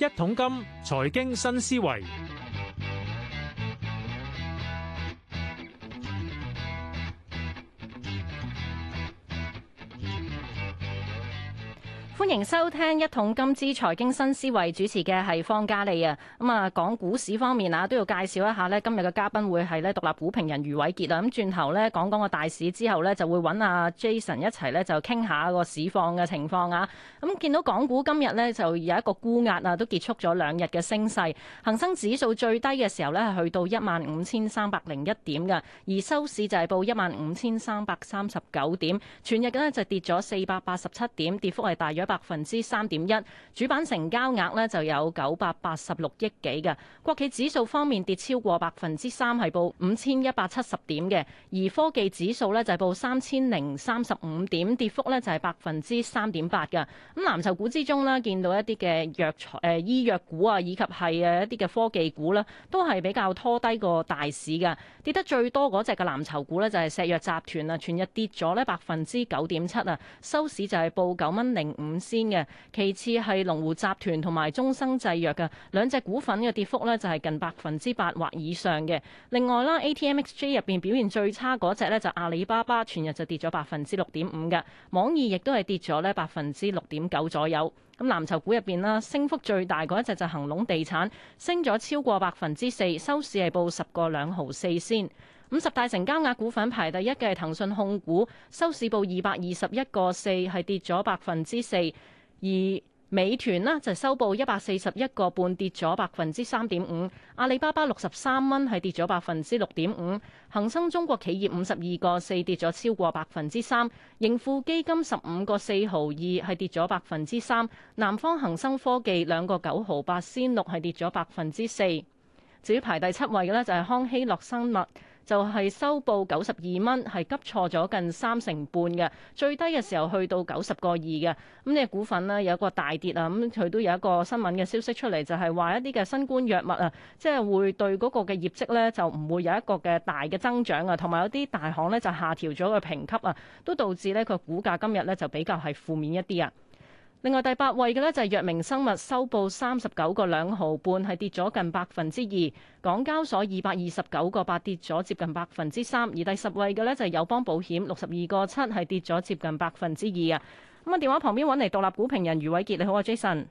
一桶金，財經新思維。歡迎收聽《一桶金之財經新思維》，主持嘅係方嘉莉啊。咁、嗯、啊，講股市方面啊，都要介紹一下呢今日嘅嘉賓會係咧獨立股評人余偉傑啊，咁、嗯、轉頭呢，講講個大市之後呢，就會揾阿、啊、Jason 一齊呢，就傾下個市況嘅情況啊。咁、嗯、見到港股今日呢，就有一個沽壓啊，都結束咗兩日嘅升勢，恒生指數最低嘅時候呢，係去到一萬五千三百零一點嘅，而收市就係報一萬五千三百三十九點，全日呢，就跌咗四百八十七點，跌幅係大約百百分之三點一，1 1, 主板成交額呢就有九百八十六億幾嘅。國企指數方面跌超過百分之三，係報五千一百七十點嘅。而科技指數呢就係、是、報三千零三十五點，跌幅呢就係百分之三點八嘅。咁藍籌股之中咧，見到一啲嘅藥材醫藥股啊，以及係誒一啲嘅科技股啦，都係比較拖低個大市嘅。跌得最多嗰隻嘅藍籌股咧就係、是、石藥集團啊，全日跌咗咧百分之九點七啊，收市就係報九蚊零五。先嘅，其次係龍湖集團同埋中生製藥嘅兩隻股份嘅跌幅咧，就係近百分之八或以上嘅。另外啦，A T M X J 入邊表現最差嗰隻呢，就阿里巴巴，全日就跌咗百分之六點五嘅。網易亦都係跌咗呢百分之六點九左右。咁藍籌股入邊啦，升幅最大嗰一隻就恒隆地產，升咗超過百分之四，收市係報十個兩毫四先。五十大成交額股份排第一嘅係騰訊控股，收市報二百二十一個四，係跌咗百分之四；而美團呢，就收報一百四十一個半，跌咗百分之三點五。阿里巴巴六十三蚊係跌咗百分之六點五。恒生中國企業五十二個四跌咗超過百分之三。盈富基金十五個四毫二係跌咗百分之三。南方恒生科技兩個九毫八仙六係跌咗百分之四。至於排第七位嘅呢，就係、是、康希諾生物。就係收報九十二蚊，係急錯咗近三成半嘅，最低嘅時候去到九十、嗯個二嘅。咁你股份呢，有一個大跌啊，咁、嗯、佢都有一個新聞嘅消息出嚟，就係、是、話一啲嘅新冠藥物啊，即係會對嗰個嘅業績呢，就唔會有一個嘅大嘅增長啊，同埋有啲大行呢，就下調咗個評級啊，都導致呢，佢個股價今日呢，就比較係負面一啲啊。另外第八位嘅呢就係藥明生物收報三十九個兩毫半，係跌咗近百分之二。港交所二百二十九個八跌咗接近百分之三，而第十位嘅呢就係友邦保險六十二個七係跌咗接近百分之二啊。咁啊，電話旁邊揾嚟獨立股評人余偉杰，你好啊，Jason。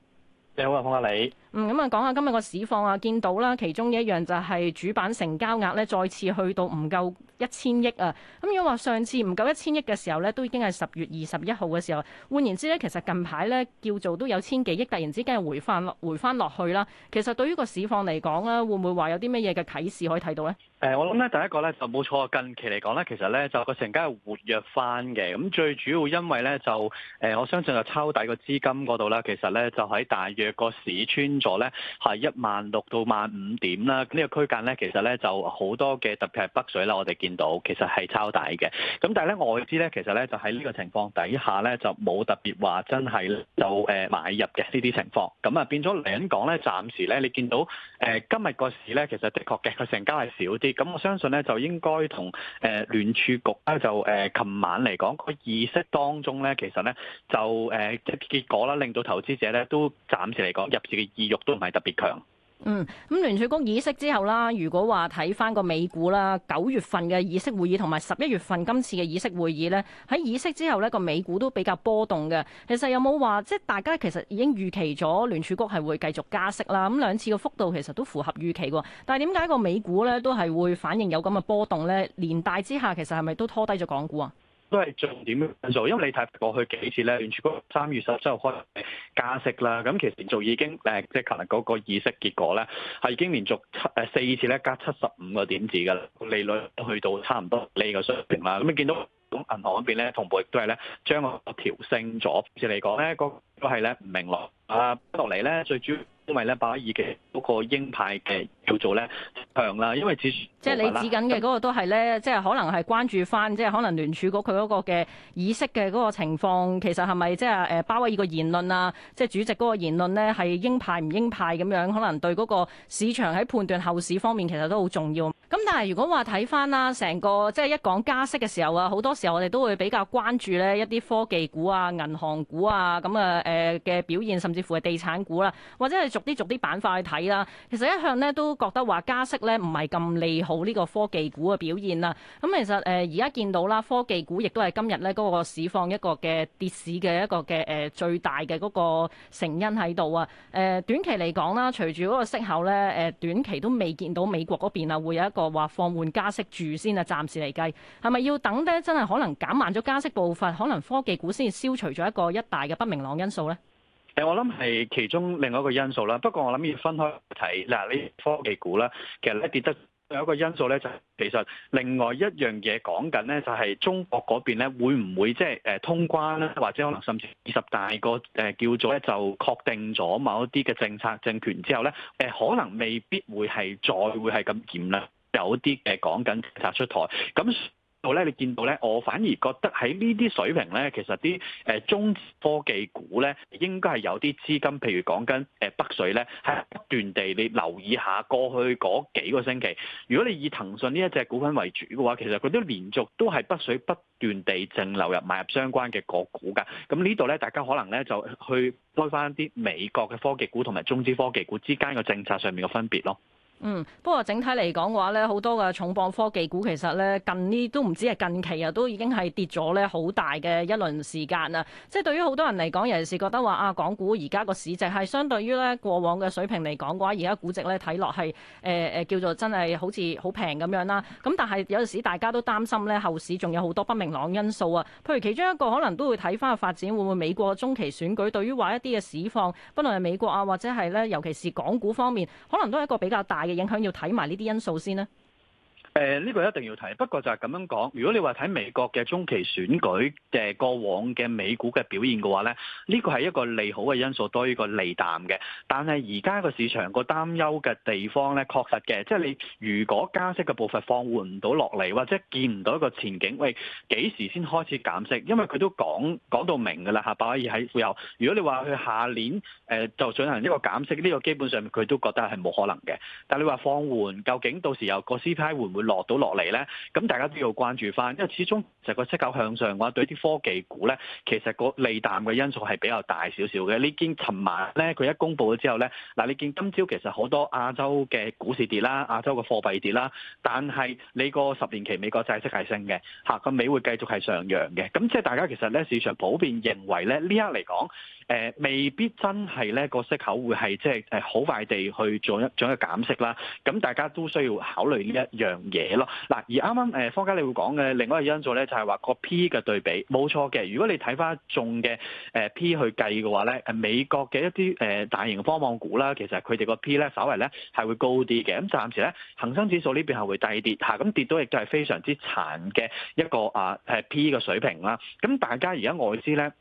好啊，康哥。你，嗯，咁啊，講下今日個市況啊，見到啦，其中一樣就係主板成交額咧，再次去到唔夠一千億啊。咁如果話上次唔夠一千億嘅時候咧，都已經係十月二十一號嘅時候。換言之咧，其實近排咧叫做都有千幾億，突然之間又回翻、落回翻落去啦。其實對於個市況嚟講咧，會唔會話有啲乜嘢嘅啟示可以睇到咧？誒、呃，我諗咧，第一個咧就冇錯。近期嚟講咧，其實咧就個成交係活躍翻嘅。咁最主要因為咧就誒、呃，我相信就抄底個資金嗰度咧，其實咧就喺大約個市穿咗咧係一萬六到萬五點啦。呢、這個區間咧，其實咧就好多嘅，特別係北水啦，我哋見到其實係抄底嘅。咁但係咧外資咧，其實咧就喺呢個情況底下咧，就冇特別話真係就誒買入嘅呢啲情況。咁啊變咗嚟緊講咧，暫時咧你見到誒、呃、今日個市咧，其實的確嘅個成交係少啲。咁我相信咧，就應該同誒聯儲局咧，就誒琴晚嚟講，呃，個議息當中咧，其實咧就誒即係結果啦，令到投資者咧都暫時嚟講入市嘅意欲都唔係特別強。嗯，咁聯儲局議息之後啦，如果話睇翻個美股啦，九月份嘅議息會議同埋十一月份今次嘅議息會議呢，喺議息之後呢個美股都比較波動嘅。其實有冇話即係大家其實已經預期咗聯儲局係會繼續加息啦？咁兩次嘅幅度其實都符合預期喎。但係點解個美股呢都係會反應有咁嘅波動呢？連帶之下其實係咪都拖低咗港股啊？都係重點嘅因素，因為你睇過去幾次呢聯儲局三月十七號開。加息啦，咁其實連續已經誒，即係琴日嗰個議息結果咧，係已經連續七誒四次咧，加七十五個點子㗎啦，利率去到差唔多呢個水平啦。咁、嗯、你見到咁銀行嗰邊咧，同步亦都係咧，將個調升咗。好似嚟講咧，那個都係咧，唔明朗啊落嚟咧，最主要因為咧，把議息個鷹派嘅叫做咧強啦，因為指即係你指緊嘅嗰個都係咧，即係可能係關注翻，即係可能聯儲局佢嗰個嘅意識嘅嗰個情況，其實係咪即係誒鮑威爾個言論啊，即係主席嗰個言論咧，係鷹派唔鷹派咁樣，可能對嗰個市場喺判斷後市方面，其實都好重要。咁但係如果話睇返啦，成個即係一講加息嘅時候啊，好多時候我哋都會比較關注呢一啲科技股啊、銀行股啊，咁啊誒嘅表現，甚至乎係地產股啦、啊，或者係逐啲逐啲板塊去睇啦。其實一向呢都覺得話加息呢唔係咁利好呢個科技股嘅表現啊。咁、嗯、其實誒而家見到啦，科技股亦都係今日呢嗰、那個市況一個嘅跌市嘅一個嘅誒、呃、最大嘅嗰個成因喺度啊。誒、呃、短期嚟講啦，隨住嗰個息口呢，誒、呃、短期都未見到美國嗰邊啊會有一個。話放緩加息住先啊，暫時嚟計係咪要等咧？真係可能減慢咗加息部分，可能科技股先消除咗一個一大嘅不明朗因素咧。誒，我諗係其中另外一個因素啦。不過我諗要分開睇嗱，呢科技股咧，其實咧跌得有一個因素咧，就係，就其實另外一樣嘢講緊咧，就係中國嗰邊咧會唔會即係誒通關咧，或者可能甚至二十大個誒叫做咧就確定咗某一啲嘅政策政權之後咧，誒可能未必會係再會係咁嚴咧。有啲嘅、呃、講緊政策出台，咁到咧你見到咧，我反而覺得喺呢啲水平咧，其實啲誒、呃、中資科技股咧應該係有啲資金，譬如講緊誒北水咧，係不斷地你留意下過去嗰幾個星期，如果你以騰訊呢一隻股份為主嘅話，其實佢都連續都係北水不斷地淨流入買入相關嘅個股噶。咁呢度咧，大家可能咧就去開翻啲美國嘅科技股同埋中資科技股之間嘅政策上面嘅分別咯。嗯，不過整體嚟講嘅話咧，好多嘅重磅科技股其實咧近呢都唔止係近期啊，都已經係跌咗咧好大嘅一輪時間啊！即係對於好多人嚟講，尤其是覺得話啊，港股而家個市值係相對於咧過往嘅水平嚟講嘅話，而家估值咧睇落係誒誒叫做真係好似好平咁樣啦。咁、嗯、但係有陣時大家都擔心咧後市仲有好多不明朗因素啊！譬如其中一個可能都會睇返個發展，會唔會美國中期選舉對於話一啲嘅市況，不論係美國啊，或者係咧尤其是港股方面，可能都係一個比較大。影響要睇埋呢啲因素先啦。誒呢個一定要提，不過就係咁樣講。如果你話睇美國嘅中期選舉嘅過往嘅美股嘅表現嘅話咧，呢個係一個利好嘅因素多於個利淡嘅。但係而家個市場個擔憂嘅地方咧，確實嘅，即係你如果加息嘅部分放緩唔到落嚟，或者見唔到一個前景，喂幾時先開始減息？因為佢都講講到明㗎啦嚇，下可以喺副有。如果你話佢下年誒就進行呢個減息，呢個基本上佢都覺得係冇可能嘅。但係你話放緩，究竟到時候個 CPI 會唔會？落到落嚟呢，咁大家都要關注翻，因為始終成個息口向上嘅話，對啲科技股呢，其實個利淡嘅因素係比較大少少嘅。你見尋晚呢，佢一公布咗之後呢，嗱，你見今朝其實好多亞洲嘅股市跌啦，亞洲嘅貨幣跌啦，但係你個十年期美國債息係升嘅，下個尾會繼續係上揚嘅。咁即係大家其實呢市場普遍認為呢，呢一刻嚟講。誒未必真係咧，個息口會係即係誒好快地去做一做一個減息啦，咁大家都需要考慮呢一樣嘢咯。嗱，而啱啱誒方家你會講嘅另外一個因素咧，就係話個 P 嘅對比冇錯嘅。如果你睇翻中嘅誒 P 去計嘅話咧，誒美國嘅一啲誒大型科網股啦，其實佢哋個 P 咧稍微咧係會高啲嘅。咁暫時咧恒生指數呢邊係會低跌嚇，咁跌到亦都係非常之殘嘅一個啊誒 P 嘅水平啦。咁大家而家外資咧，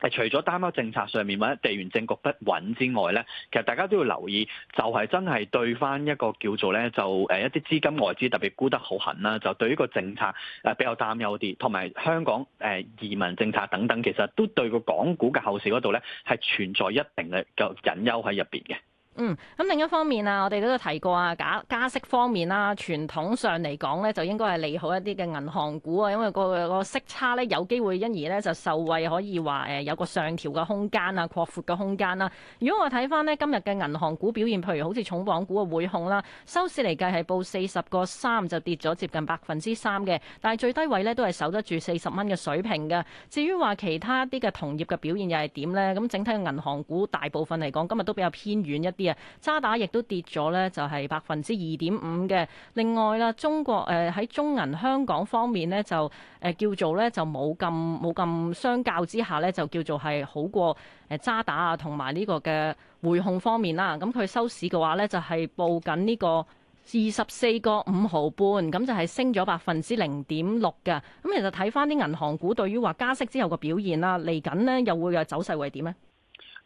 除咗擔憂政策上面或者地緣政局不穩之外呢，其實大家都要留意，就係真係對翻一個叫做呢，就誒一啲資金外資特別沽得好狠啦，就對於個政策誒比較擔憂啲，同埋香港誒移民政策等等，其實都對個港股嘅後市嗰度呢，係存在一定嘅個隱憂喺入邊嘅。嗯，咁另一方面啊，我哋都有提過啊，假加息方面啦，傳統上嚟講咧，就應該係利好一啲嘅銀行股啊，因為個個息差咧有機會因而咧就受惠，可以話誒有個上調嘅空間啊，擴闊嘅空間啦。如果我睇翻咧今日嘅銀行股表現，譬如好似重磅股嘅匯控啦，收市嚟計係報四十個三就跌咗接近百分之三嘅，但係最低位咧都係守得住四十蚊嘅水平嘅。至於話其他啲嘅同業嘅表現又係點咧？咁整體嘅銀行股大部分嚟講今日都比較偏遠一啲。渣打亦都跌咗咧，就係百分之二點五嘅。另外啦，中國誒喺、呃、中銀香港方面呢，就誒、呃、叫做咧就冇咁冇咁相較之下咧，就叫做係好過誒渣打啊，同埋呢個嘅匯控方面啦。咁、啊、佢收市嘅話咧，就係報緊呢個二十四個五毫半，咁就係升咗百分之零點六嘅。咁、啊、其實睇翻啲銀行股，對於話加息之後嘅表現啦，嚟緊呢又會嘅走勢會點呢？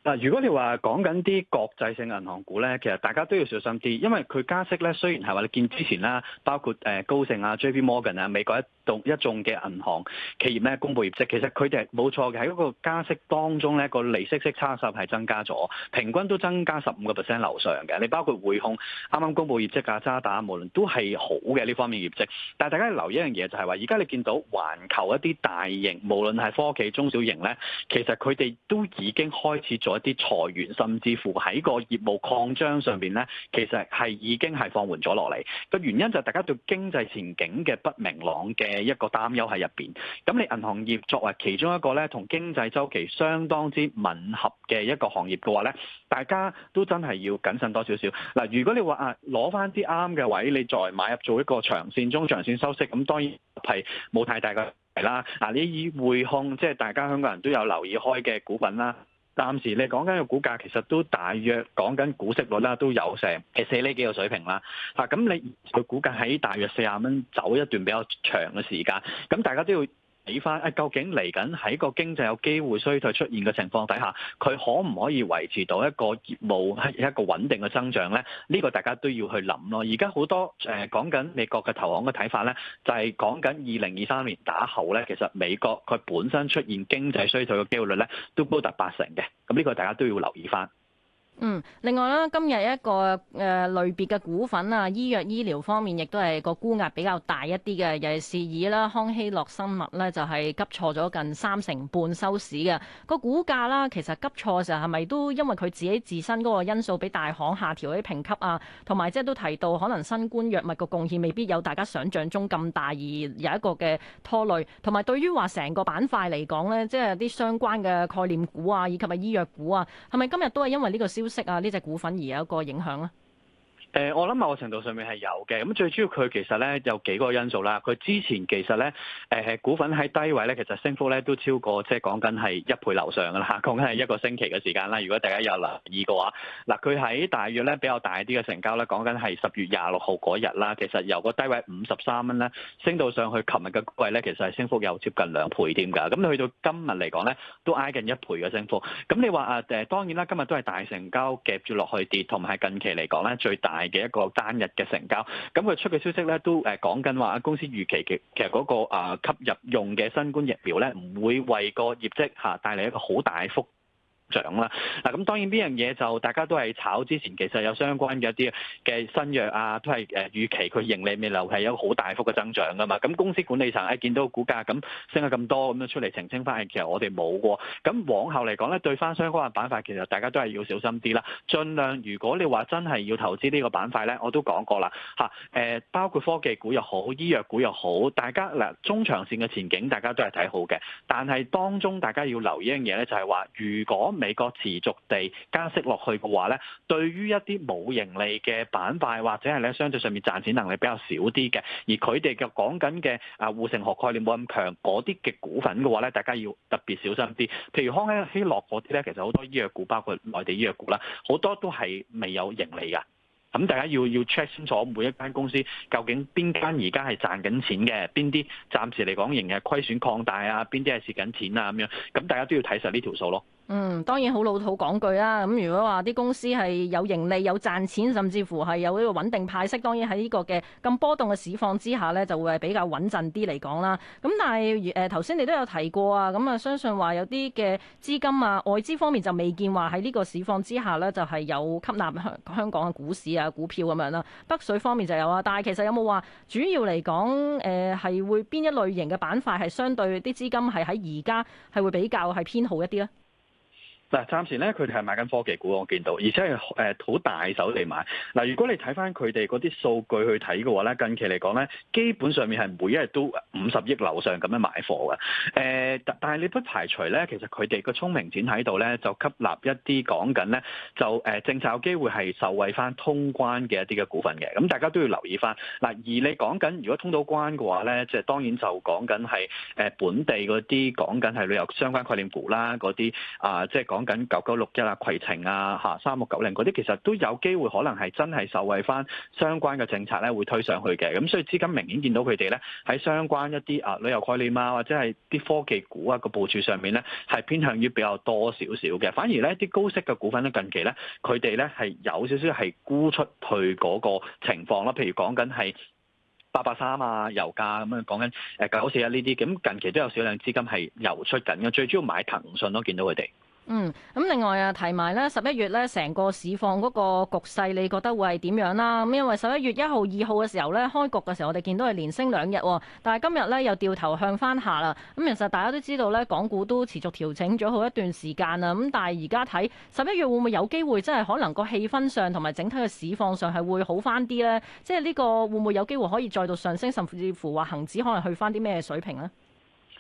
嗱，如果你話講緊啲國際性銀行股咧，其實大家都要小心啲，因為佢加息咧，雖然係話你見之前啦，包括誒高盛啊、JP Morgan 啊、美國一，一眾嘅銀行企業咧，公布業績，其實佢哋冇錯嘅，喺一個加息當中咧，個利息息差收係增加咗，平均都增加十五個 percent 樓上嘅。你包括匯控啱啱公布業績啊，渣打無論都係好嘅呢方面業績。但係大家留意一樣嘢，就是，就係話而家你見到環球一啲大型，無論係科技中小型咧，其實佢哋都已經開始做一啲裁員，甚至乎喺個業務擴張上邊咧，其實係已經係放緩咗落嚟。個原因就係大家對經濟前景嘅不明朗嘅。一個擔憂喺入邊，咁你銀行業作為其中一個咧，同經濟周期相當之吻合嘅一個行業嘅話咧，大家都真係要謹慎多少少。嗱，如果你話啊，攞翻啲啱嘅位，你再買入做一個長線中長線收息，咁當然係冇太大嘅問題啦。嗱、啊，你以匯控，即係大家香港人都有留意開嘅股份啦。暫時你講緊個股價其實都大約講緊股息率啦，都有成四釐幾個水平啦。嗱、啊，咁你個股價喺大約四十蚊走一段比較長嘅時間，咁大家都要。睇翻啊，究竟嚟緊喺個經濟有機會衰退出現嘅情況底下，佢可唔可以維持到一個業務係一個穩定嘅增長咧？呢個大家都要去諗咯。而家好多誒講緊美國嘅投行嘅睇法咧，就係講緊二零二三年打後咧，其實美國佢本身出現經濟衰退嘅機會率咧都高達八成嘅。咁呢個大家都要留意翻。嗯，另外啦，今日一個誒、呃、類別嘅股份啊，醫藥醫療方面亦都係個沽壓比較大一啲嘅。尤其是以啦康希諾生物咧，就係、是、急挫咗近三成半收市嘅個股價啦。其實急挫嘅時候係咪都因為佢自己自身嗰個因素，俾大行下調咗啲評級啊，同埋即係都提到可能新冠藥物個貢獻未必有大家想象中咁大，而有一個嘅拖累。同埋對於話成個板塊嚟講咧，即係啲相關嘅概念股啊，以及係醫藥股啊，係咪今日都係因為呢個消息啊，呢隻股份而有一個影響啊。誒，我諗某個程度上面係有嘅，咁最主要佢其實咧有幾個因素啦。佢之前其實咧，誒股份喺低位咧，其實升幅咧都超過，即係講緊係一倍樓上噶啦，講緊係一個星期嘅時間啦。如果大家有留意嘅話，嗱，佢喺大約咧比較大啲嘅成交咧，講緊係十月廿六號嗰日啦，其實由個低位五十三蚊咧，升到上去，琴日嘅季咧，其實係升幅有接近兩倍添㗎。咁去到今日嚟講咧，都挨近一倍嘅升幅。咁你話啊誒，當然啦，今日都係大成交夾住落去跌，同埋近期嚟講咧最大。嘅一個單日嘅成交，咁佢出嘅消息咧都誒講緊話，公司預期嘅其實嗰、嗰個啊吸入用嘅新冠疫苗咧，唔會為個業績嚇、啊、帶嚟一個好大幅漲啦，嗱咁當然呢樣嘢就大家都係炒之前，其實有相關嘅一啲嘅新藥啊，都係誒預期佢盈利未來係有好大幅嘅增長噶嘛。咁公司管理層誒、啊、見到股價咁升咗咁多，咁樣出嚟澄清翻，係其實我哋冇喎。咁往後嚟講咧，對翻相關嘅板塊，其實大家都係要小心啲啦。儘量如果你話真係要投資呢個板塊咧，我都講過啦嚇，誒、啊、包括科技股又好，醫藥股又好，大家嗱中長線嘅前景大家都係睇好嘅，但係當中大家要留意一樣嘢咧，就係、是、話如果。美國持續地加息落去嘅話咧，對於一啲冇盈利嘅板塊或者係咧相對上面賺錢能力比較少啲嘅，而佢哋嘅講緊嘅啊護城學概念冇咁強，嗰啲嘅股份嘅話咧，大家要特別小心啲。譬如康熙希諾嗰啲咧，其實好多醫藥股，包括內地醫藥股啦，好多都係未有盈利嘅。咁大家要要 check 清楚每一間公司究竟邊間而家係賺緊錢嘅，邊啲暫時嚟講仍然係虧損擴大啊，邊啲係蝕緊錢啊咁樣。咁大家都要睇實呢條數咯。嗯，當然好老土講句啦。咁如果話啲公司係有盈利、有賺錢，甚至乎係有呢個穩定派息，當然喺呢個嘅咁波動嘅市況之下呢，就會係比較穩陣啲嚟講啦。咁但係誒頭先你都有提過啊，咁、嗯、啊相信話有啲嘅資金啊，外資方面就未見話喺呢個市況之下呢，就係、是、有吸納香香港嘅股市啊股票咁樣啦。北水方面就有啊，但係其實有冇話主要嚟講誒係、呃、會邊一類型嘅板塊係相對啲資金係喺而家係會比較係偏好一啲呢？嗱，暫時咧佢哋係買緊科技股，我見到，而且係誒好大手嚟買。嗱，如果你睇翻佢哋嗰啲數據去睇嘅話咧，近期嚟講咧，基本上面係每一日都五十億樓上咁樣買貨嘅。誒，但係你不排除咧，其實佢哋個聰明錢喺度咧，就吸納一啲講緊咧，就誒政策有機會係受惠翻通關嘅一啲嘅股份嘅。咁大家都要留意翻。嗱，而你講緊如果通到關嘅話咧，即係當然就講緊係誒本地嗰啲講緊係旅遊相關概念股啦，嗰啲啊，即係講。講緊九九六一啊，攜程啊，吓三六九零嗰啲，其實都有機會可能係真係受惠翻相關嘅政策咧，會推上去嘅。咁所以資金明顯見到佢哋咧喺相關一啲啊旅遊概念啊，或者係啲科技股啊個部署上面咧，係偏向於比較多少少嘅。反而咧啲高息嘅股份咧，近期咧佢哋咧係有少少係沽出去嗰個情況啦。譬如講緊係八八三啊，油價咁樣講緊誒九四一啊呢啲咁，近期都有少量資金係流出緊嘅，最主要買騰訊咯，見到佢哋。嗯，咁另外啊，提埋咧十一月咧成個市況嗰個局勢，你覺得會係點樣啦？咁因為十一月一號、二號嘅時候咧開局嘅時候，我哋見到係連升兩日，但係今日咧又掉頭向翻下啦。咁其實大家都知道咧，港股都持續調整咗好一段時間啦。咁但係而家睇十一月會唔會有機會，即係可能個氣氛上同埋整體嘅市況上係會好翻啲咧？即係呢個會唔會有機會可以再度上升，甚至乎話恒指可能去翻啲咩水平咧？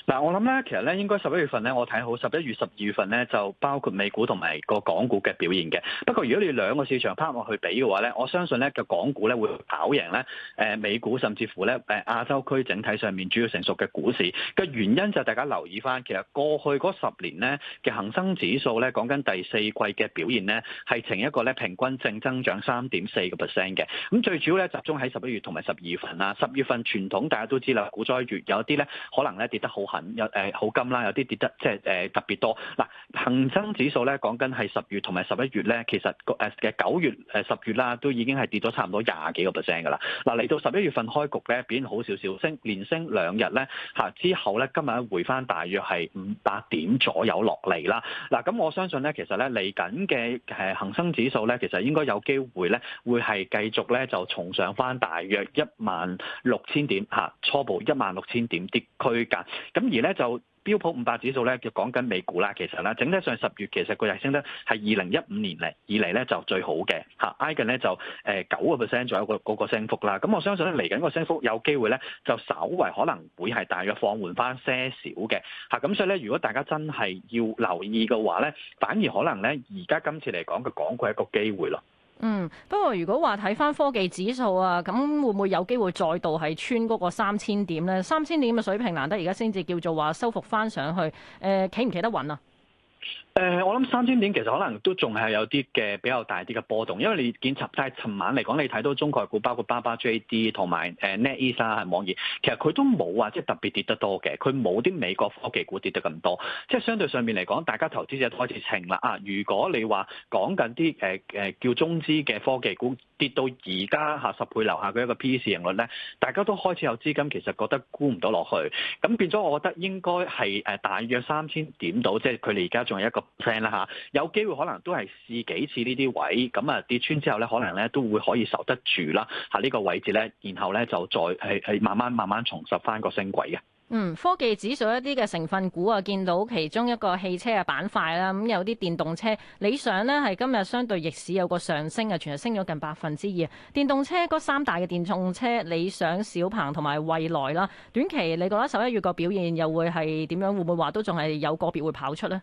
嗱，我諗咧，其實咧應該十一月份咧，我睇好十一月、十二月份咧就包括美股同埋個港股嘅表現嘅。不過如果你兩個市場拋落去比嘅話咧，我相信咧個港股咧會跑贏咧誒美股，甚至乎咧誒亞洲區整體上面主要成熟嘅股市，嘅原因就係大家留意翻，其實過去嗰十年咧嘅恒生指數咧，講緊第四季嘅表現咧係呈一個咧平均正增長三點四個 percent 嘅。咁最主要咧集中喺十一月同埋十二月份啦，十月份傳統大家都知啦，股災月有啲咧可能咧跌得好有誒、嗯、好金啦，有啲跌得即係誒特別多。嗱，恆生指數咧講緊係十月同埋十一月咧，其實個誒九月誒十月啦，都已經係跌咗差唔多廿幾個 percent 㗎啦。嗱，嚟到十一月份開局咧，變好少少升，連升兩日咧嚇，之後咧今日回翻大約係五百點左右落嚟啦。嗱、啊，咁我相信咧，其實咧嚟緊嘅誒恆生指數咧，其實應該有機會咧，會係繼續咧就重上翻大約一萬六千點嚇，初步一萬六千點跌區間咁。而咧就標普五百指數咧，就講緊美股啦。其實咧，整體上十月其實佢日升得係二零一五年嚟以嚟咧就最好嘅嚇、啊，挨近咧就誒九個 percent 左右個嗰個升幅啦。咁我相信咧嚟緊個升幅有機會咧就稍微可能會係大約放緩翻些少嘅嚇。咁、啊、所以咧，如果大家真係要留意嘅話咧，反而可能咧而家今次嚟講嘅港股一個機會咯。嗯，不過如果話睇翻科技指數啊，咁會唔會有機會再度係穿嗰個三千點呢？三千點嘅水平難得而家先至叫做話收復翻上去，誒企唔企得穩啊？誒、呃，我諗三千點其實可能都仲係有啲嘅比較大啲嘅波動，因為你檢查。但係尋晚嚟講，你睇到，中概股包括巴巴 J D 同埋誒 NetEase 啦，係網易，其實佢都冇話即係特別跌得多嘅，佢冇啲美國科技股跌得咁多，即係相對上面嚟講，大家投資者都開始情啦啊！如果你話講緊啲誒誒叫中資嘅科技股跌到而家吓十倍樓下嘅一個 P 市盈率咧，大家都開始有資金其實覺得估唔到落去，咁變咗我覺得應該係誒大約三千點到，即係佢哋而家。仲有一個 plan 啦嚇，有機會可能都係試幾次呢啲位咁啊，跌穿之後呢，可能呢都會可以受得住啦。喺呢個位置呢，然後呢就再係係慢慢慢慢重拾翻個升軌嘅。嗯，科技指數一啲嘅成分股啊，見到其中一個汽車嘅板塊啦，咁有啲電動車理想呢，係今日相對逆市有個上升啊，全日升咗近百分之二。電動車嗰三大嘅電動車理想、小鵬同埋蔚來啦，短期你覺得十一月個表現又會係點樣？會唔會話都仲係有個別會跑出呢？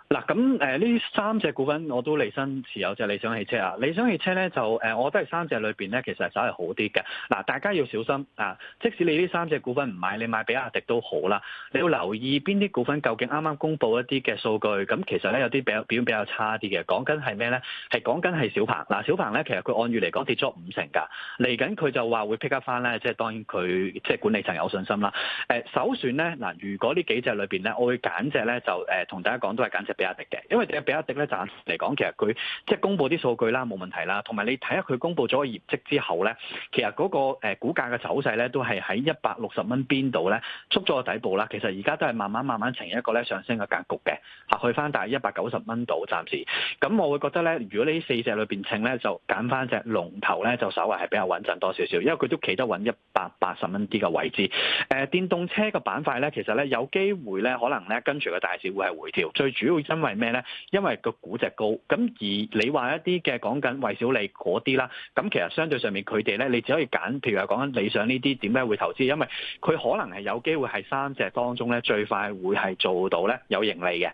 嗱咁誒呢三隻股份我都離身持有，隻理想汽車啊！理想汽車咧就誒，我覺得係三隻裏邊咧，其實係稍為好啲嘅。嗱，大家要小心啊！即使你呢三隻股份唔買，你買比亞迪都好啦。你要留意邊啲股份究竟啱啱公布一啲嘅數據，咁其實咧有啲比表現比較差啲嘅。講緊係咩咧？係講緊係小鵬。嗱、啊，小鵬咧其實佢按月嚟講跌咗五成㗎，嚟緊佢就話會 pick up 翻咧，即係當然佢即係管理層有信心啦。誒、啊，首選咧嗱、啊，如果呢幾隻裏邊咧，我會揀隻咧就誒同、呃、大家講都係揀隻。比亞迪嘅，因為比亞迪咧暫時嚟講，其實佢即係公布啲數據啦，冇問題啦。同埋你睇下佢公布咗個業績之後咧，其實嗰個誒股價嘅走勢咧都係喺一百六十蚊邊度咧，縮咗個底部啦。其實而家都係慢慢慢慢呈現一個咧上升嘅格局嘅，吓去翻大一百九十蚊度暫時。咁我會覺得咧，如果你四面呢四隻裏邊稱咧，就揀翻隻龍頭咧，就稍為係比較穩陣多少少，因為佢都企得穩一百八十蚊啲嘅位置。誒、呃，電動車個板塊咧，其實咧有機會咧，可能咧跟住個大市會係回調，最主要。因為咩咧？因為個估值高，咁而你話一啲嘅講緊為小利嗰啲啦，咁其實相對上面佢哋咧，你只可以揀，譬如話講緊理想呢啲點解會投資？因為佢可能係有機會係三隻當中咧，最快會係做到咧有盈利嘅。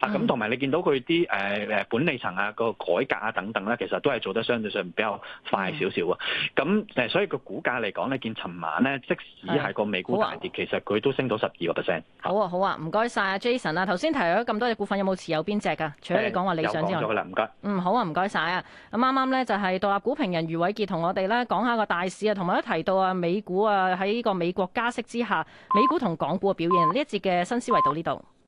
啊，咁同埋你見到佢啲誒誒管理層啊，個改革啊等等咧，其實都係做得相對上比較快少少啊。咁誒、嗯，所以個股價嚟講咧，見尋晚咧，即使係個美股大跌，嗯啊、其實佢都升到十二個 percent。好啊，好啊，唔該晒啊，Jason 啊，頭先提咗咁多隻股份，有冇持有邊隻㗎？除咗你講話理想之外，啦、嗯？唔該。嗯，好啊，唔該晒啊。咁啱啱咧就係獨立股評人余偉傑同我哋咧講下個大市啊，同埋都提到啊美股啊喺呢個美國加息之下，美股同港股嘅表現。呢一節嘅新思維到呢度。